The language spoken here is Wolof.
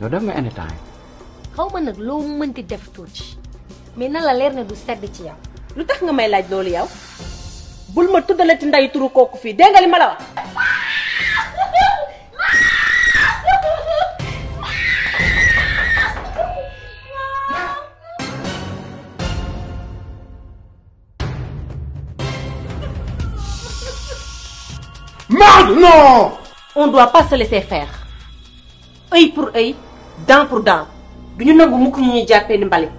no def anytime Kau ma nag loo mënti def tuuti mais na la leer ne du ci yow lu tax nga may laaj loolu yow bul ma tuddalati nday turu kooku fii dégg nga wax non On ne doit pas se laisser faire. Œil pour œil, dent pour dent du ñu nangu mukk ñu ñuy jàppee ni mbalit